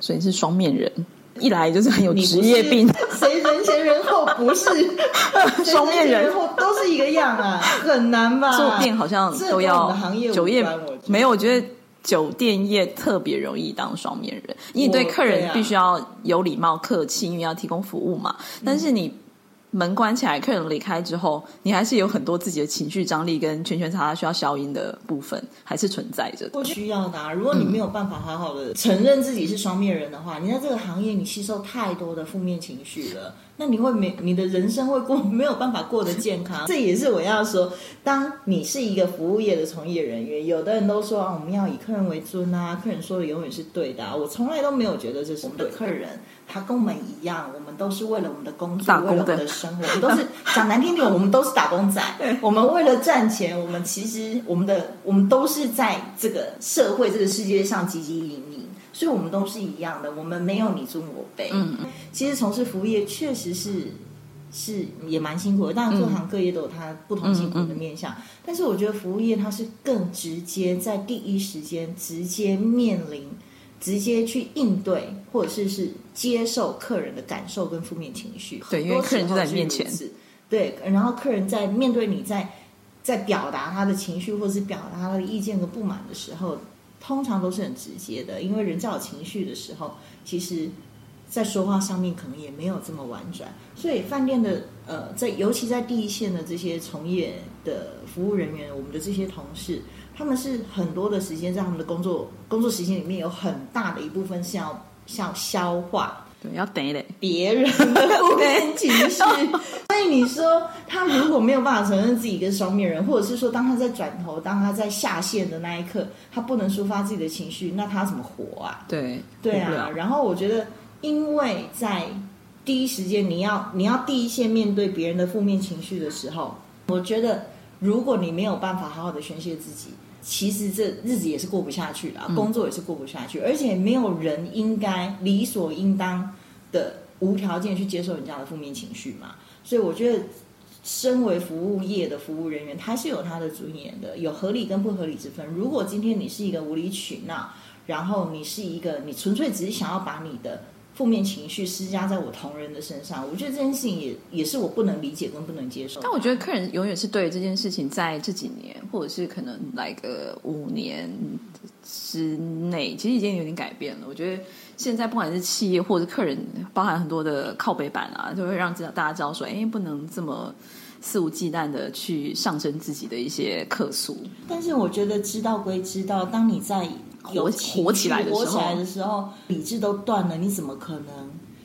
所以是雙面人，一來就是很有職業病。誰人前人後不是雙面人？人前人後都是一個樣啊，很難吧？做病好像都要、這個、行業沒有，我覺得。酒店業特別容易當雙面人，因為你對客人必須要有禮貌、客氣，因為要提供服務嘛。但是你。門關起來，客人離開之後，你還是有很多自己的情緒張力跟圈圈叉叉需要消音的部分，還是存在着的。不需要的、啊。如果你沒有辦法好好的承認自己是雙面人的話，你在這個行業你吸收太多的負面情緒了，那你會沒你的人生會過沒有辦法過得健康。 這也是我要說，當你是一個服務業的從業人員，有的人都說啊，我們要以客人為尊啊，客人說的永遠是對的、啊。我從來都沒有覺得這是我們的客人，他跟我們一樣，我們都是為了我們的工作，為了的。 生活，都是講難聽點， 我們都是打工仔。我們為了賺錢，我們其實我們的我們都是在這個社會、這個世界上汲汲營營，所以我們都是一樣的。我們沒有你尊我卑。嗯。其實從事服務業確實是是也蠻辛苦的。但各行各業都有它不同辛苦的面向。嗯。但是我覺得服務業它是更直接，在第一時間直接面臨。直接去應對，或者是是接受客人的感受跟負面情緒。對，很多時候，對，因為客人就在你面前。對，然後客人在面對你在在表達他的情緒，或者是表達他的意見和不滿的時候，通常都是很直接的。因為人在有情緒的時候，其實。在說話上面可能也沒有這麼婉轉，所以飯店的呃，在尤其在第一線的這些從業的服務人員，我們的這些同事，他們是很多的時間在他們的工作工作時間裡面有很大的一部分是要消化，對，要等一等別人的負面情緒。 所以你說他如果沒有辦法承認自己是個雙面人，或者是說當他在轉頭，當他在下線的那一刻，他不能抒發自己的情緒，那他怎麼活啊？對，對啊。然後我覺得。因為在第一時間，你要你要第一線面對別人的負面情緒的時候，我覺得如果你沒有辦法好好的宣泄自己，其實這日子也是過不下去的啊，工作也是過不下去，而且沒有人應該理所應當的無條件去接受人家的負面情緒嘛。所以我覺得，身為服務業的服務人員，他是有他的尊嚴的，有合理跟不合理之分。如果今天你是一個無理取鬧，然後你是一個你純粹只是想要把你的。負面情緒施加在我同仁的身上，我覺得這件事情也，也是我不能理解跟不能接受。但我覺得客人永遠是對這件事情，在這幾年或者是可能來個五年之內，其實已經有點改變了。我覺得現在不管是企業或者客人，包含很多的靠北板啊，就會讓知道大家知道說，哎，不能這麼肆無忌憚的去上升自己的一些客訴。但是我覺得知道歸知道，當你在。有起，火起來的時候，理智都斷了，你怎麼可能？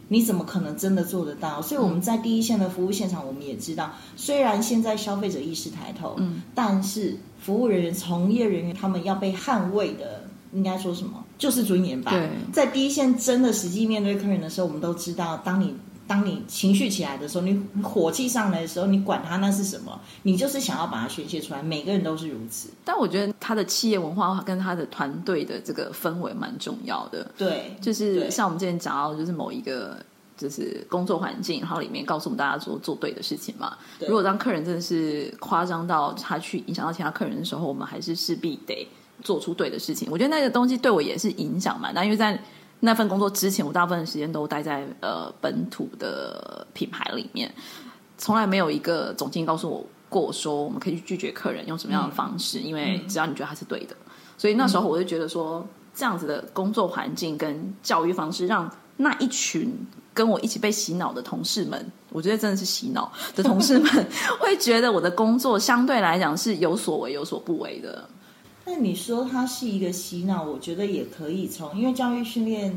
你怎麼可能真的做得到？所以我們在第一線的服務現場，我們也知道，雖然現在消費者意識抬頭，嗯，但是服務人員、從業人員他們要被捍衛的，應該說什麼？就是尊嚴吧。對。在第一線真的實際面對客人的時候，我們都知道，當你。當你情緒起來的時候，你火氣上來的時候，你管他那是什麼，你就是想要把它宣洩出來。每個人都是如此。但我覺得他的企業文化跟他的團隊的這個氛圍蠻重要的。對，就是像我們之前講到，就是某一個就是工作環境，然後裡面告訴我們大家做做對的事情嘛，對。如果當客人真的是誇張到他去影響到其他客人的時候，我們還是勢必得做出對的事情。我覺得那個東西對我也是影響嘛。那因為在那份工作之前，我大部分的時間都待在呃本土的品牌裡面，從來沒有一個總經理告訴我過說我們可以去拒絕客人用什麼樣的方式，嗯，因為只要你覺得他是對的。所以那時候我就覺得說，嗯，這樣子的工作環境跟教育方式，讓那一群跟我一起被洗腦的同事們，我覺得真的是洗腦的同事們， 會覺得我的工作相對來講是有所為有所不為的。那你說它是一個洗腦，我覺得也可以從，因為教育訓練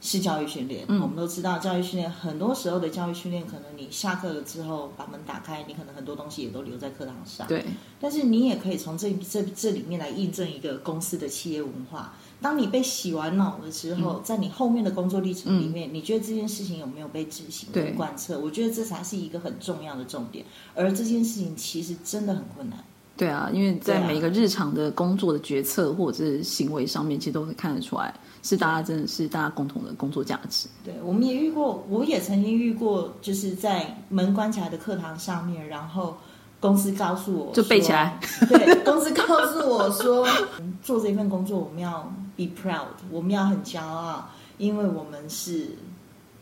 是教育訓練，嗯，我們都知道教育訓練很多時候的教育訓練，可能你下課了之後把門打開，你可能很多東西也都留在課堂上，對。但是你也可以從這這這裡面來印證一個公司的企業文化。當你被洗完腦了之後，在你後面的工作歷程裡面，嗯，你覺得這件事情有沒有被執行和貫徹？對。我覺得這才是一個很重要的重點。而這件事情其實真的很困難。對啊，因為在每一個日常的工作的決策或者是行為上面，其實都可以看得出來，是大家真的是大家共同的工作價值。對，我們也遇過，我也曾經遇過，就是在門關起來的課堂上面，然後公司告訴我，就背起來。對，公司告訴我說， 做這一份工作，我們要 be proud，我們要很驕傲，因為我們是。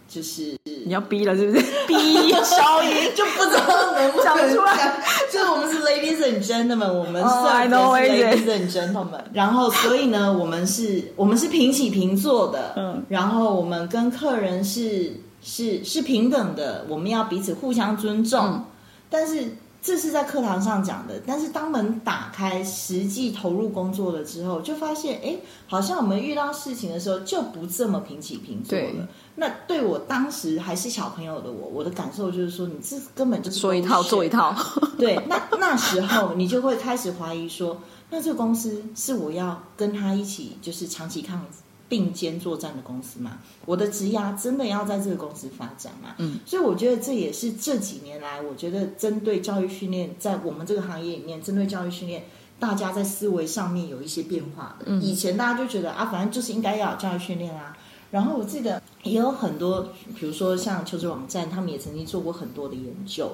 就是你要逼了，是不是？逼！所 以消音 就不知道能不能出來。就是我們是 ladies and gentlemen， 我們算 ladies、oh, ladies and gentlemen。然後所以呢， 我們是我們是平起平坐的，嗯。然後我們跟客人是是是平等的，我們要彼此互相尊重。嗯。但是。這是在課堂上講的，但是當門打開，實際投入工作了之後，就發現，哎，好像我們遇到事情的時候就不這麼平起平坐了。對。那對我當時還是小朋友的我，我的感受就是說，你這根本就是說一套做一套。對，那那時候你就會開始懷疑說， 那這個公司是我要跟他一起就是長期抗。併肩作戰的公司嘛，我的職涯、啊、真的要在這個公司發展嘛？嗯，所以我覺得這也是這幾年來，我覺得針對教育訓練，在我們這個行業裡面，針對教育訓練，大家在思維上面有一些變化，嗯。以前大家就覺得啊，反正就是應該要有教育訓練啊。然後我記得也有很多，比如說像求職網站，他們也曾經做過很多的研究。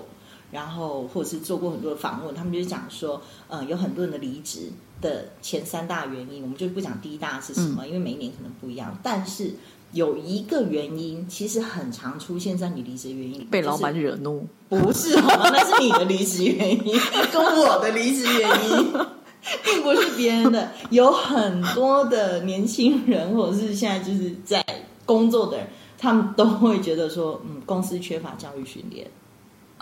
然後，或者是做過很多的訪問，他們就講說，呃，有很多人的離職的前三大原因，我們就不講第一大是什麼，嗯、因為每一年可能不一樣。但是有一個原因，其實很常出現在你離職原因裡，被老板惹怒，就是、不是好嗎，那是你的離職原因， 跟我的離職原因，並 不是別人的。有很多的年輕人，或者是現在就是在工作的人，他們都會覺得說，嗯，公司缺乏教育訓練。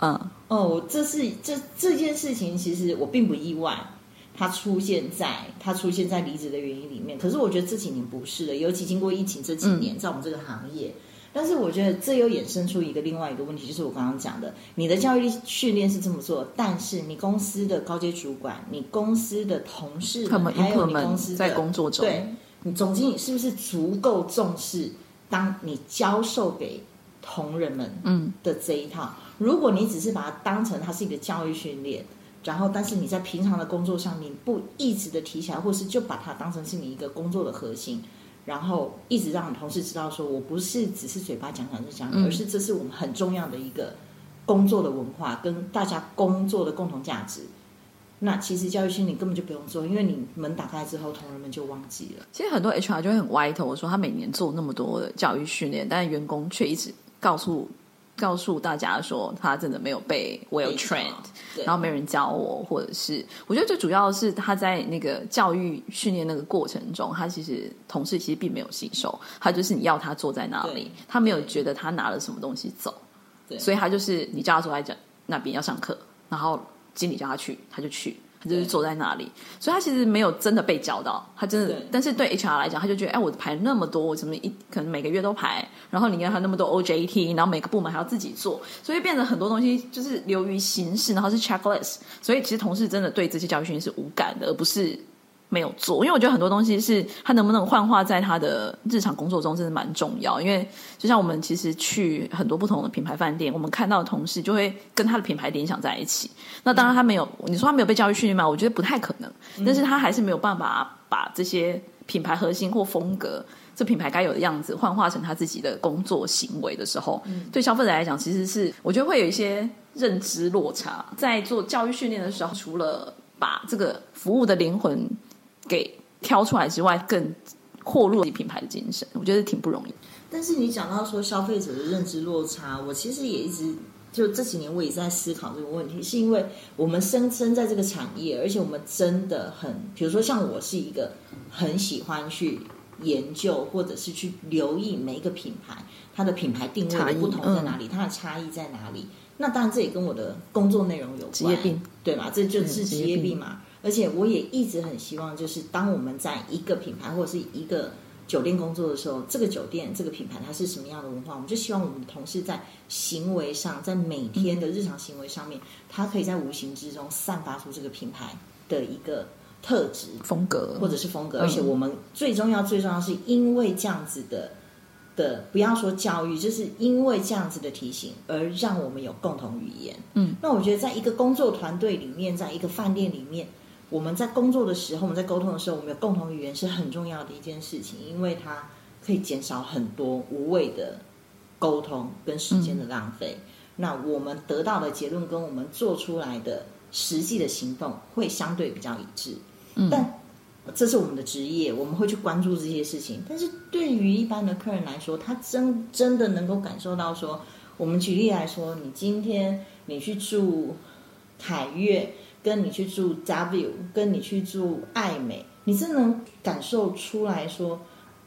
嗯、uh, 哦、oh，這是這這件事情，其實我並不意外，它出現在它出現在離職的原因裡面。可是我覺得這幾年不是的，尤其經過疫情這幾年，在、嗯、我們這個行業，但是我覺得這又衍生出一個另外一個問題，就是我剛剛講的，你的教育訓練是這麼做，但是你公司的高階主管、你公司的同事，還有你公司在工作中，對你總經理是不是足夠重視？當你教授給同仁們，嗯的這一套。嗯如果你只是把它當成它是一個教育訓練，然後但是你在平常的工作上你不一直的提起來，或是就把它當成是你一個工作的核心，然後一直讓同事知道說，我不是只是嘴巴講講就講，而是這是我們很重要的一個工作的文化跟大家工作的共同價值。那其實教育訓練根本就不用做，因為你門打開之後，同仁們就忘記了。其實很多 HR 就會很歪頭說，他每年做那麼多的教育訓練，但是員工卻一直告訴。告訴大家說，他真的沒有被我有 train，然後沒人教我，或者是我覺得最主要是他在那個教育訓練那個過程中，他其實同事其實並沒有吸收，他就是你要他坐在那裡，他沒有覺得他拿了什麼東西走，對對所以他就是你叫他坐在那，那邊要上課，然後經理叫他去，他就去。就是坐在那裡，所以他其實沒有真的被教到，他真的。但是對 HR 來講，他就覺得，哎，我排那麼多，我怎麼一可能每個月都排？然後你還有那麼多 OJT，然後每個部門還要自己做，所以變成很多東西就是流於形式，然後是 checklist。所以其實同事真的對這些教育訓練是無感的，而不是。沒有做，因為我覺得很多東西是他能不能幻化在他的日常工作中，真的蠻重要。因為就像我們其實去很多不同的品牌飯店，我們看到的同事就會跟他的品牌聯想在一起。那當然他沒有、嗯、你說他沒有被教育訓練嗎？我覺得不太可能。但是他還是沒有辦法把這些品牌核心或風格，嗯、這品牌該有的樣子，幻化成他自己的工作行為的時候，嗯、對消費者來講，其實是我覺得會有一些認知落差。在做教育訓練的時候，除了把這個服務的靈魂。給挑出來之外，更擴落自己品牌的精神，我覺得挺不容易。但是你講到說消費者的認知落差，我其實也一直就這幾年我一直在思考這個問題，是因為我們深深在這個產業，而且我們真的很，比如說像我是一個很喜歡去研究或者是去留意每一個品牌，它的品牌定位的不同在哪裡，嗯、它的差異在哪裡。那當然這也跟我的工作內容有關，職業病對吧？這就是職業病嘛。嗯而且我也一直很希望，就是當我們在一個品牌或者是一個酒店工作的時候，這個酒店、這個品牌它是什麼樣的文化，我們就希望我們同事在行為上，在每天的日常行為上面，他可以在無形之中散發出這個品牌的一個特質、風格，或者是風格。而且我們最重要、最重要是因為這樣子的的，不要說教育，就是因為這樣子的提醒而讓我們有共同語言。嗯，那我覺得在一個工作團隊裡面，在一個飯店裡面。我們在工作的時候，我們在溝通的時候，我們有共同語言是很重要的一件事情，因為它可以減少很多無謂的溝通跟時間的浪費。嗯。那我們得到的結論跟我們做出來的實際的行動會相對比較一致。嗯。但這是我們的職業，我們會去關注這些事情。但是對於一般的客人來說，他真、真的能夠感受到說，我們舉例來說，你今天你去住凱悅。跟你去住 W，跟你去住艾美，你真能感受出來說，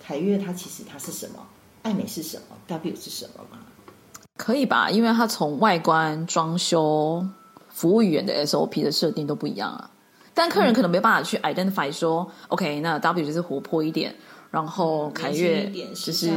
凱悅它其實它是什麼，艾美是什麼，W 是什麼嗎？可以吧？因為它從外觀、裝修、服務員的 SOP 的設定都不一樣啊，但客人可能沒有辦法去 identify 說，嗯，OK，那 W 就是活潑一點。然後凱悅就是、就是、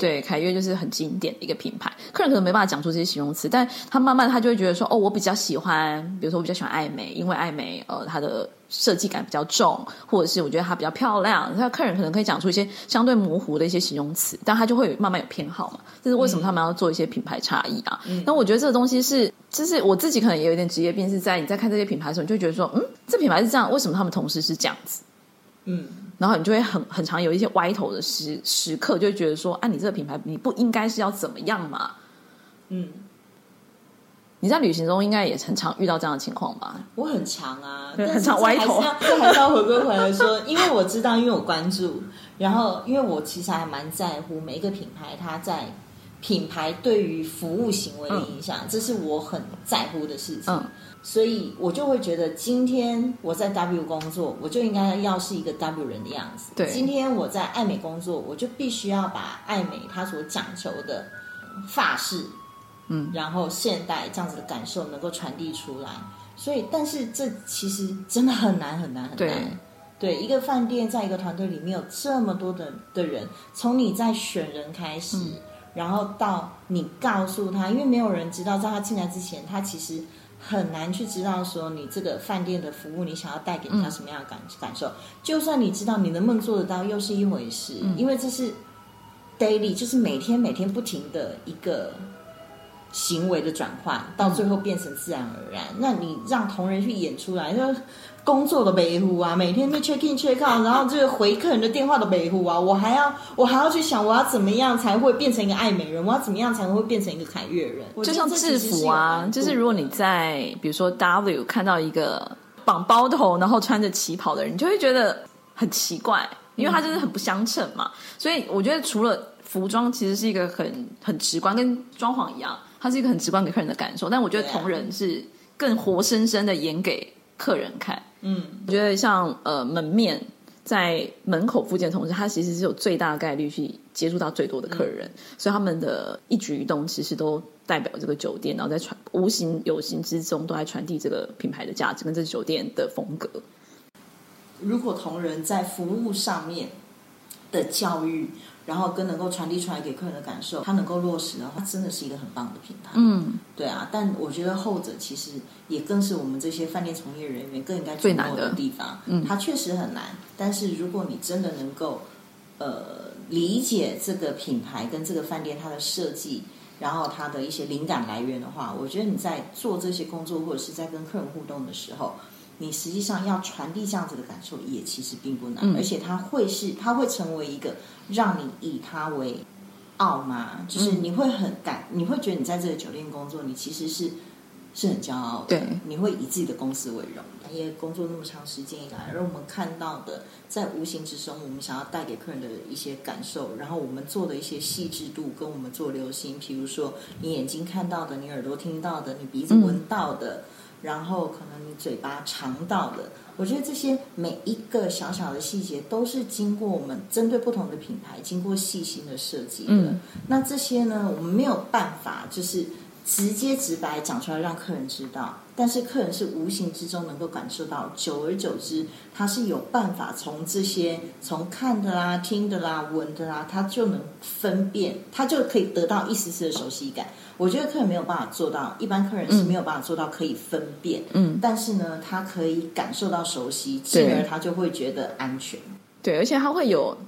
對，凱悅就是很經典的一個品牌，客人可能沒辦法講出這些形容詞，但他慢慢他就會覺得說哦，我比較喜歡，比如說我比較喜歡艾美，因為艾美呃它的設計感比較重，或者是我覺得它比較漂亮，那客人可能可以講出一些相對模糊的一些形容詞，但他就會慢慢有偏好嘛，這是為什麼他們要做一些品牌差異啊，嗯。那我覺得這個東西是，就是我自己可能也有點職業病，是在你在看這些品牌的時候，你就覺得說嗯，這品牌是這樣，為什麼他們同事是這樣子？嗯。然後你就會很很常有一些歪頭的時時刻，就會覺得說，啊，你這個品牌你不應該是要怎麼樣嘛？嗯，你在旅行中應該也很常遇到這樣的情況吧？我很強啊，對對很常歪頭，還是，還是回歸回來說， 因為我知道，因為我關注，然後因為我其實還蠻在乎每一個品牌，它在。品牌對於服務行為的影響，嗯、這是我很在乎的事情，嗯、所以我就會覺得，今天我在 W 工作，我就應該要是一個 W 人的樣子。對，今天我在愛美工作，我就必須要把愛美他所講求的法式，嗯，然後現代這樣子的感受能夠傳遞出來。所以，但是這其實真的很難很難很難。對，對一個飯店在一個團隊裡面有這麼多的的人，從你在選人開始。嗯然後到你告訴他，因為沒有人知道，在他進來之前，他其實很難去知道說你這個飯店的服務，你想要帶給他什麼樣的感感受。嗯。就算你知道，你能不能做得到，又是一回事。嗯。因為這是 daily，就是每天每天不停的一個。行為的轉換到最後變成自然而然。嗯。那你讓同仁去演出來，就工作的維護啊，每天被 check in check out 然後就是回客人的電話的維護啊，我還要我還要去想我要怎麼樣才會變成一個艾美人，我要怎麼樣才會變成一個凱悅人？就像制服啊，就是如果你在比如說 W 看到一個綁包頭、嗯、然後穿着旗袍的人，你就會覺得很奇怪，因為他就是很不相稱嘛。所以我覺得除了服裝，其實是一個很很直觀，跟裝潢一樣。它是一個很直觀給客人的感受，但我覺得同仁是更活生生的演給客人看。嗯，我覺得像呃門面在門口附近，同時它其實是有最大概率去接觸到最多的客人。嗯，所以他們的一舉一動其實都代表這個酒店，然後在傳無形有形之中都在傳遞這個品牌的價值跟這酒店的風格。如果同仁在服務上面的教育。然後跟能夠傳遞出來給客人的感受，它能夠落實的話，真的是一個很棒的品牌。嗯，對啊。但我覺得後者其實也更是我們這些飯店從業人員更應該去做的地方。嗯，它確實很難。但是如果你真的能夠，呃，理解這個品牌跟這個飯店它的設計，然後它的一些靈感來源的話，我覺得你在做這些工作或者是在跟客人互動的時候。你實際上要傳遞這樣子的感受，也其實並不難，嗯，而且它會是，它會成為一個讓你以它為傲嘛？就是你會很感，嗯，你會覺得你在這個酒店工作，你其實是是很驕傲的。對，你會以自己的公司為榮。因為工作那麼長時間以來，而我們看到的，在無形之中，我們想要帶給客人的一些感受，然後我們做的一些細緻度，跟我們做流程，比如說你眼睛看到的，你耳朵聽到的，你鼻子聞到的。嗯嗯然後可能你嘴巴嘗到的，我覺得這些每一個小小的細節，都是經過我們針對不同的品牌，經過細心的設計的。嗯。那這些呢，我們沒有辦法就是。直接直白講出來，讓客人知道，但是客人是無形之中能夠感受到，久而久之，他是有辦法從這些從看的啦、聽的啦、聞的啦，他就能分辨，他就可以得到一絲絲的熟悉感。我覺得客人沒有辦法做到，一般客人是沒有辦法做到可以分辨。嗯，但是呢，他可以感受到熟悉，進而他就會覺得安全。對，對，而且他會有。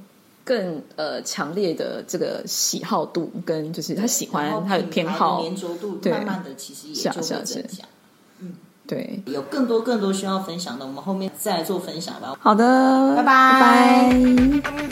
更呃強烈的這個喜好度，跟就是他喜歡他的偏好的，對，慢慢的其實也是，逐漸增加。嗯，對，有更多更多需要分享的，我們後面再做分享吧。好的，拜拜拜拜。拜拜。